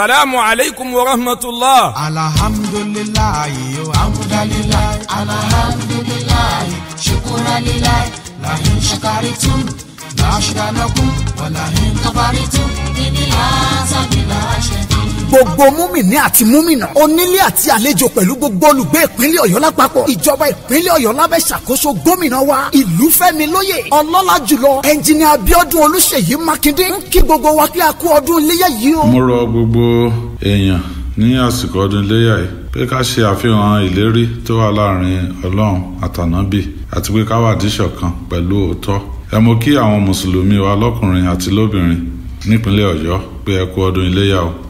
salamu alaikum wa rahmatulah. alhamdulilayi o amudalilayi alhamdulilayi shukuralilayi lahin shakaritum lashidanakum walahin kabaritum gbogbo múmìnì àti múmìnà onílé àti àlejò pẹ̀lú gbogbo olùgbé ìpínlẹ̀ ọ̀yọ́ lápapọ̀ ìjọba ìpínlẹ̀ ọ̀yọ́ lábẹ́ ṣàkóso gómìnà wa ìlúfẹ́mi lóyè ọlọ́lá jùlọ ẹnjìnì abíọ́dún olúṣèyí mákindé ń kí gbogbo wa kí a kú ọdún iléyà yìí o. mo rọ gbogbo èèyàn ní àsìkò ọdún iléyà yìí pé ká ṣe àfihàn ìlérí tó wà láàrin ọlọ́run àtànábì àti pé ká wà díṣọ̀kan pẹ̀lú òótọ́ ẹ mo kí àwọn mùsùlùmí wa lọ́kùnrin àti lóbìnrin nípínlẹ̀ ọ̀yọ́ pé ẹ kú ọdún iléyà o